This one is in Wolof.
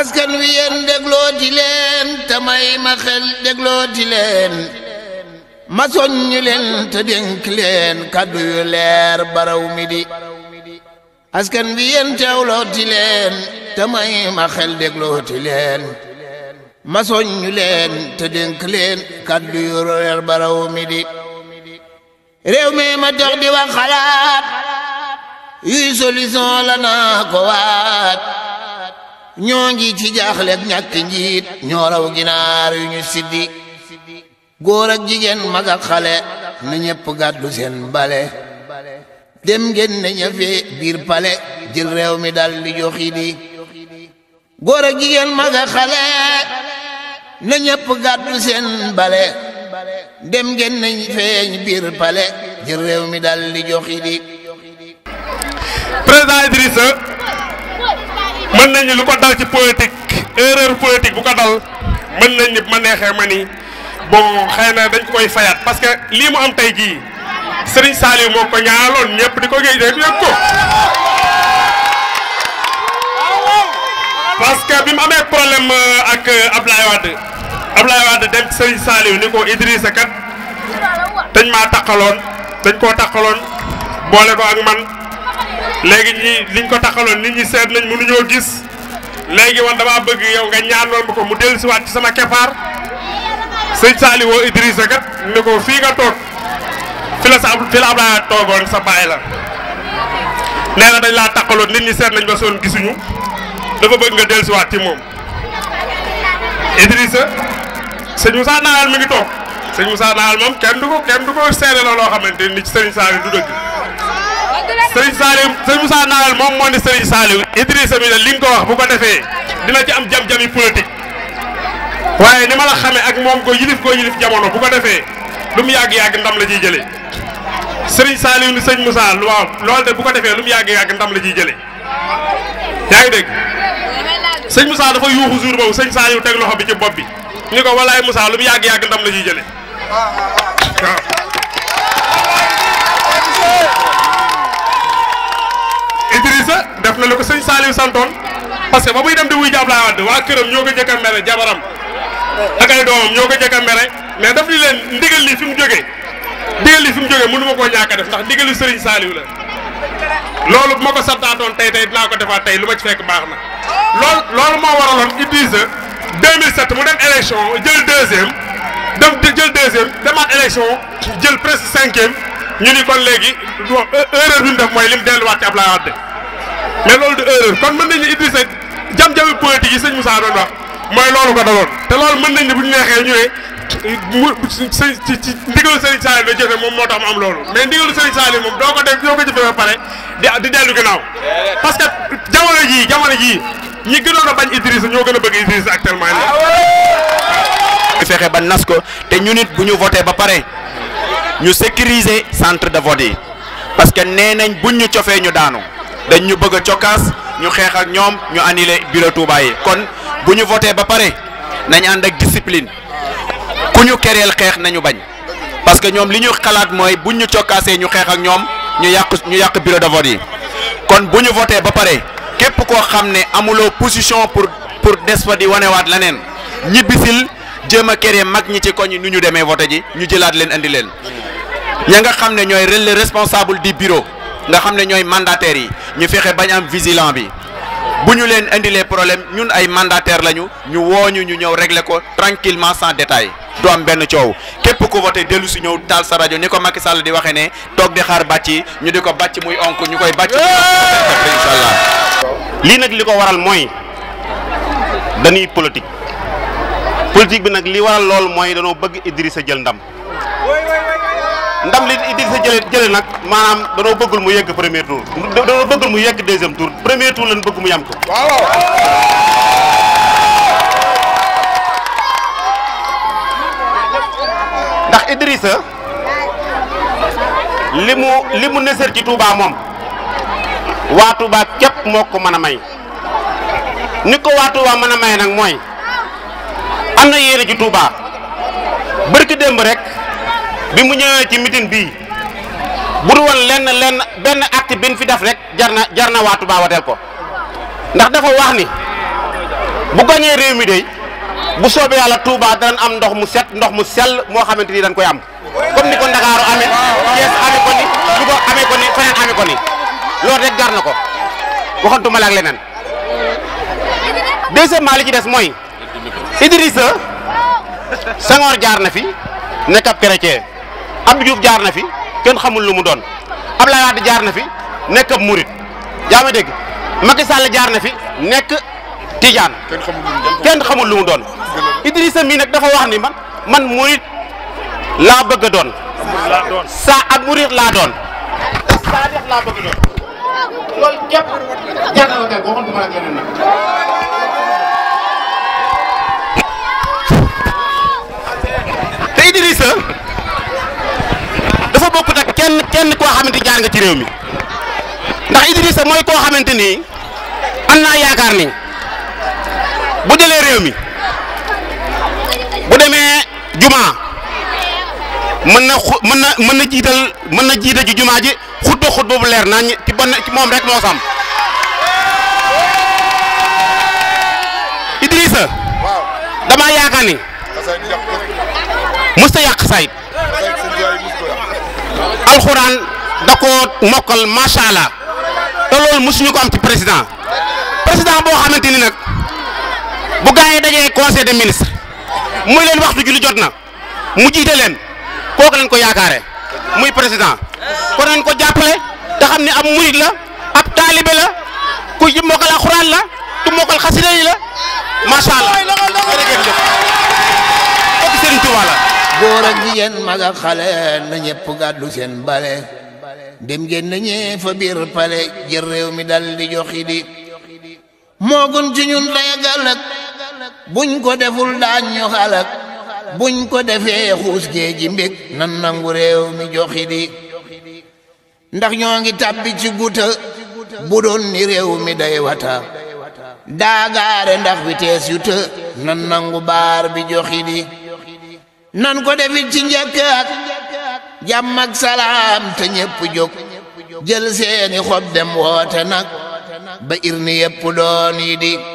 askan wi yéen déglooti leen te ma xel déglooti leen ma soññu leen te dénk leen yu leer baraw mi di askan wi yéen teewlooti leen te ma xel déglooti leen ma soññu leen te dénk leen kàddu yu leer baraw mi di réew mi ma dox di wax xalaat yuy solution la naa ko waat ñoo ngi ci jaaxle ak ñàkk njiit ñoo raw ginaar yu ñu siddi góor ak jigéen mag xale na ñëpp gàddu seen bale dem ngeen ne ña biir pale jël réew mi dal di joxi di góor ak jigéen mag xale na ñëpp gàddu seen bale dem ngeen feeñ biir pale jël réew mi dal di joxi di mën nañu lu ko dal ci politique erreur politique bu ko dal mën nañ ma neexee ma ni bon xëy na dañ koy fayaat parce que lii mu am tey jii Serigne Saliou moo ko ñaaloon ñëpp di ko ko parce que problème euh, ak euh, Ablaye Wade Ablaye Wade dem ci Serigne Saliou ni Idrissa kat dañ maa taqaloon dañ ko ak man léegi ñi liñ ko taxaloon nit ñi seet nañ ñoo gis léegi wan damaa bëgg yow nga ñaanal ma ko mu dellusiwaat ci sama keppaar sëñ Saali woo Idrissa kat ne ko fii nga toog fi la sa fi sa baay la nee na dañ laa taxaloon nit ñi seet nañ ba soon gisuñu dafa bëgg nga dellusiwaat ci moom Idrissa sëñ Moussa Naal mi ngi toog sëñ Moussa Naal moom kenn du ko kenn du ko seede la loo xamante ni ci sëriñ Saali du dëgg Serigne Saliou Serigne Moussa Nawel moom moo ne Serigne Saliou Idrissa mi ne li nga ko wax bu ko defee dina ci am jam-jam yi politique waaye ni ma la xamee ak moom ko yilif ko yilif jamono bu ko defee lu mu yàgg-yàgg ndam la ciy jëlee Serigne Saliou ni Serigne Moussa waaw loolu de bu ko defee lu mu yàgg-yàgg ndam la ciy jëlee yaa ngi dégg sëñ Moussa dafa yuuxu jour boobu sëñ Saliou teg loxo bi ci bopp bi ni ko walaay Moussa lu mu yàgg-yàgg ndam la ciy jëlee Saliou santoon parce que ba muy dem di wuy ji Abdoulaye Wade waa këram ñoo ko njëkk a mere jabaram ak ay doomam ñoo ko njëkk mere mais daf li leen ndigal li fi mu jógee ndigal li fi mu jógee mënu ma koo ñàkk a def ndax ndigalu Serigne Saliou la loolu bu ma ko santaatoon tey tey naa ko defaat tey lu ma ci fekk baax na loolu loolu moo waraloon Idrissa 2007 mu dem élection jël deuxième dem jël deuxième demaat élection jël presque cinquième ñu ni kon léegi erreur bi mu def mooy lim delluwaat ci Abdoulaye Wade mais loolu du erreur kon mën nañu ne Idrissa jam-jami politique yi sëñ Moussa doon mooy loolu ko daloon te loolu mën nañ ne bu ñu neexee ñu ne mu sëñ ci ci ndigalu Serigne Saliou la jëfe moom moo tax mu am loolu mais ndigalu Serigne Saliou moom doo ko def doo ko jëfee ba pare di dellu ginnaaw parce que jamono jii jamono jii ñi gënoon a bañ Idrissa ñoo gën a bëgg Idrissa actuellement nii fexe ba nas ko te ñu nit bu ñu voté ba pare ñu sécuriser centre de vote yi parce que nee nañ buñ ñu cofee ñu daanu dañ ñu bëgg a cokkaas ñu xeex ak ñoom ñu annulé bureau Touba yi kon bu ñu voté ba pare nañ ànd ak discipline ku ñu kereel xeex nañu bañ parce que ñoom li ñu xalaat mooy buñ ñu cokkaasee ñu xeex ak ñoom ñu yàq ñu yàq bureau de vote yi kon bu ñu voté ba pare képp koo xam ne amuloo position pour pour des fa di wanewaat leneen ñibbisil jéem a keree mag ñi ci koñ nu ñu demee voté ji ñu jëlaat leen indi leen ña nga xam ne ñooy les responsables du bureau. nga xam ne ñooy mandataires yi ñu fexe bañ am vigilant bi bu ñu leen indilee problème ñun ay mandataire lañu ñu wooñu ñu ñëw régler ko tranquillement sans détail du am benn coow képp ku voté dellu si ñëw taal sa rajo ni ko Macky Sall di waxee ne toog di xaar bàcc ñu di ko bàcc muy onk ñu koy bàcc incha allah lii nag li ko waral mooy dañuy politique politique bi nag li waral loolu mooy danoo bëgg sa jël ndam ndam li Idrissa jële jële nag maanaam danoo bëggul mu yegg premier tour danoo bëggul mu yegg deuxième tour premier tour lañ bëgg mu ko waaw ndax Idrissa li mu li mu nësër ci Touba moom waa Touba képp moo ko mën a may ni ko waa Touba mën a may nag mooy am na yéene ci Touba bërki démb rek bi mu ñëwee ci meeting bi bu du won lenn lenn ben acte bin fi def rek jarna jarna wa tuba waa ko ndax dafa wax ni bu gañee réew mi day bu soobee yàlla Touba danañ am ndox mu set ndox mu sel mo xamanteni dañ koy am comme ni ko Ndakaaru amé yes amé ko ni ko amé ko ni fenen amé ko ni loolu rek jarna ko waxantuma la ak lenen deuxième li ci des Idrissa sangor jarna fi chrétien Abdou Diouf jaar na fi kenn xamul lu mu doon Abdoulaye Wade jaar na fi nekk ab murit yaa dégg Macky Sall jaar na fi nekk Tijaan kenn xamul lu mu doon Idrissa mii nag dafa wax ni man man murit laa bëgg a doon sa ab murit laa doon kenn koo xamante jaar nga ci réew mi ndax Idrissa mooy koo xamante ni am naa yaakaar ni bu jëlee réew mi bu demee juma mën na xu mën na mën na jiital mën na jiite ci juma ji xutba xut boobu leer naa ci moom rek moo sam Idrissa damaa yaakaar ni musta yàq Saïd alxuraan da koo mokkal macha allah te loolu mosuñu ko am ci président président boo xamante ni nag bu gaa yi dajee conseil des ministres muy leen waxtu julli jot na mu jiite leen kooku lañ ko yaakaare muy président kon nañ ko jàppale te xam ni ab murit la ab taalibe la ku mokkal alxuraan la ku mokkal xasida la macha allah jërëjëf kooku Serigne góor ak jigéen mag ak xale na ñëpp gàddu seen bale dem génn ñee fa biir pale jër réew mi dal di joxi di moo gën ci ñun day galak buñ ko deful daañ ñu xalak buñ ko defee xuus gee ji mbég na nangu réew mi joxi ndax ñoo ngi tàbbi ci guta bu doon ni réew mi day wata daagaare ndax vitesse yu të nan nangu baar bi joxi nan ko defit ci njëkk ak jàmm salaam te ñépp jóg jël seeni xob dem woote nag ba irni yépp doon yi di